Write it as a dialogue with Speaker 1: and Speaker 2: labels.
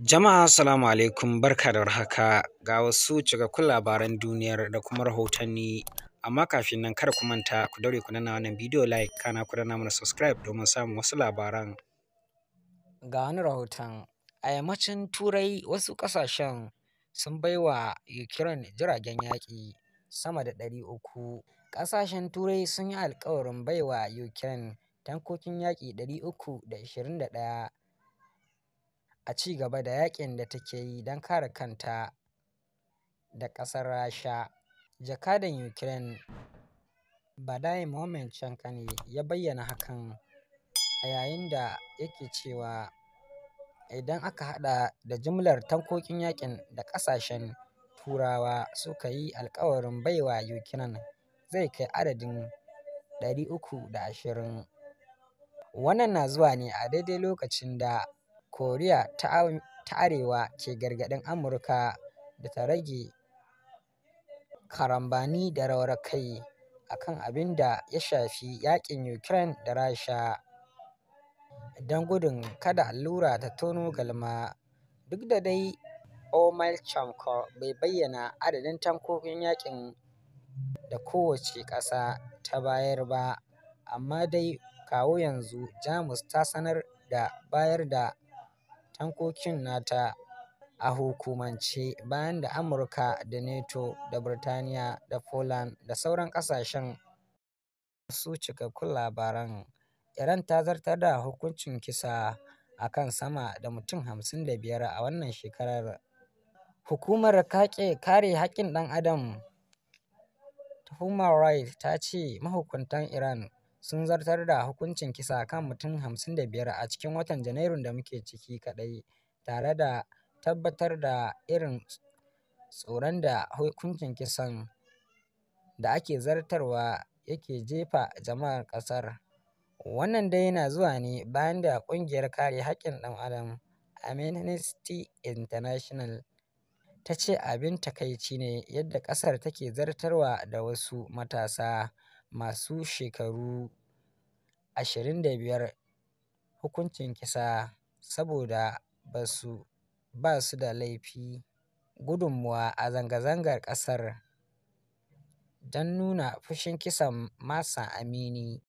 Speaker 1: Jama'a salamu alaikum barka da warhaka ga wasu cikakkun labaran duniyar da kuma rahotanni amma kafin nan kada ku manta ku daure ku danna wannan bidiyo like kana ku danna mana subscribe domin samun wasu labaran. Ga wani rahoton a yammacin turai wasu kasashen sun baiwa Ukraine jiragen yaƙi sama da ɗari uku. Ƙasashen turai sun yi alkawarin baiwa Ukraine tankokin yaƙi ɗari uku da ishirin da ɗaya a ci gaba da yaƙin da take yi don kare kanta da ƙasar Rasha, jakadan Ukraine Vadai Moichenko ne ya bayyana hakan a yayin da yake cewa idan aka haɗa da jimlar tankokin yaƙin da ƙasashen Turawa suka yi alkawarin baiwa Ukraine zai kai adadin 320. Wannan na zuwa ne a daidai lokacin da koriya ta arewa ke gargaɗin amurka da ta rage karambani da rawar kai a kan abin da ya shafi yaƙin ukraine da rasha don gudun kada allura ta tono galma duk da dai Chamko bai bayyana adadin tankokin yakin da kowace ƙasa ta bayar ba, amma dai kawo yanzu Jamus ta sanar da bayar da Hankokin nata a hukumance bayan da Amurka da NATO da Birtaniya da Poland da sauran ƙasashen ba su cikakkun labaran, Iran ta zartar da hukuncin kisa a kan sama da mutum hamsin da biyar a wannan shekarar. Hukumar Kare Haƙƙin ɗan Adam ta Human Rights ta ce mahukuntan Iran sun zartar da hukuncin kisa kan mutum hamsin da biyar a cikin watan Janairun da muke ciki kaɗai, tare da tabbatar da irin tsoron da hukuncin kisan da ake zartarwa yake jefa jama'ar ƙasar. Wannan dai na zuwa ne bayan da Ƙungiyar Kare Haƙƙin ɗan Adam Amnesty International ta ce abin takaici ne yadda ƙasar take zartarwa da wasu matasa. masu shekaru 25 hukuncin kisa saboda ba su da laifi gudunmawa a zanga-zangar kasar, don nuna fushin kisan Masa Amini.